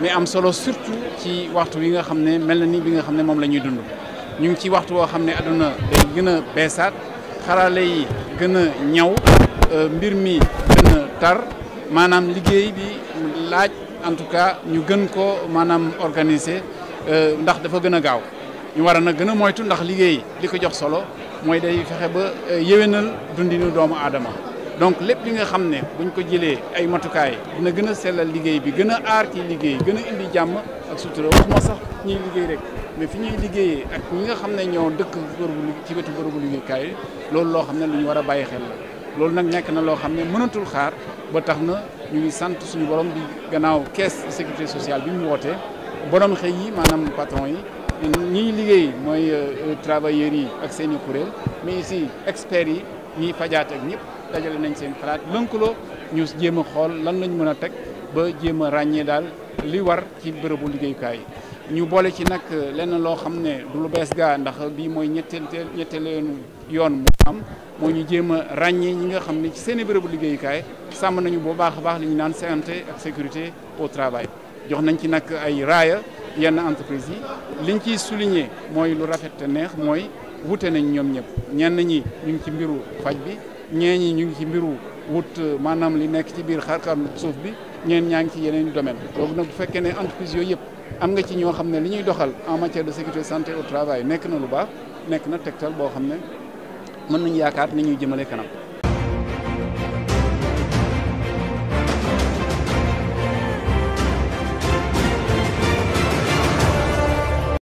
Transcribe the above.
muy am solo surtout ci waxtu wi nga xam ne mel na ni bi nga xam ne moom la ñuy dund ñu ngi ci waxtu woo xam ne àdduna day gën a beesaat xarale yi gën a ñaw euh, mbir mi gën tar maanaam liggéey bi laaj en tout cas ñu gën ko maanaam organiser euh, ndax dafa gën a gaaw ñu war na nag gën a moytu ndax liggéey li ko jox solo mooy day fexe ba euh, yéwénal dundinu doomu aadama donc lépp li nga xam ne bu ñu ko jëlee ay matukaay dina gën a sellal liggéey bi gën a aar ci liggéey gën a indi jàmm ak sutura waxuma sax ñuy liggéey rek mais fi ñuy liggéeyee ak ñi nga xam ne ñoo dëkk bërëbu ci wetu bërëbu liggéeykaay loolu loo xam ne lu ñu war a bàyyi xel la loolu nag nekk na loo xam ne mënatul xaar ba tax na ñu ngi sant suñu borom bi gannaaw caisse de sécurité sociale bi mu wootee borom xëy yi maanaam patron yi ñuy liggéey mooy euh, travailleurs yi ak seen i kuréel mais aussi experts yi ñiy fajaate ak ñëpp dajale nañ seen xalaat lënkaloo ñu jéem a xool lan lañ mën a teg ba jéem a ràññee daal li war ci bërëbu liggéeyukaay ñu boole ci nag euh, lenn loo xam ne du lu bees gaa ndax bii mooy ñetteel ñetteelu yoon mu am moo ñu jéem a ràññee ñi nga xam ne ci seen i bërëbu liggéeyukaay sàmm nañu boo baax a baax lañu naan santé ak sécurité au travail jox nañ ci nag ay raaya yenn entreprise yi liñ ciy souligner mooy lu rafet te neex mooy wute nañ ñoom ñëpp ñenn ñi ñu ngi ci mbiru faj bi ñee ñi ñu ngi ci mbiru wut maanaam li nekk ci biir xarkam suuf bi ñeen ñaa ngi ci yeneen domaine donc nag bu fekkee ne entreprise yooyu yëpp am nga ci ñoo xam ne li ñuy doxal en matière de sécurité santé au travail nekk na lu baax nekk na tegtal boo xam ne mën nañ yaakaar ni ñuy jëmale kanam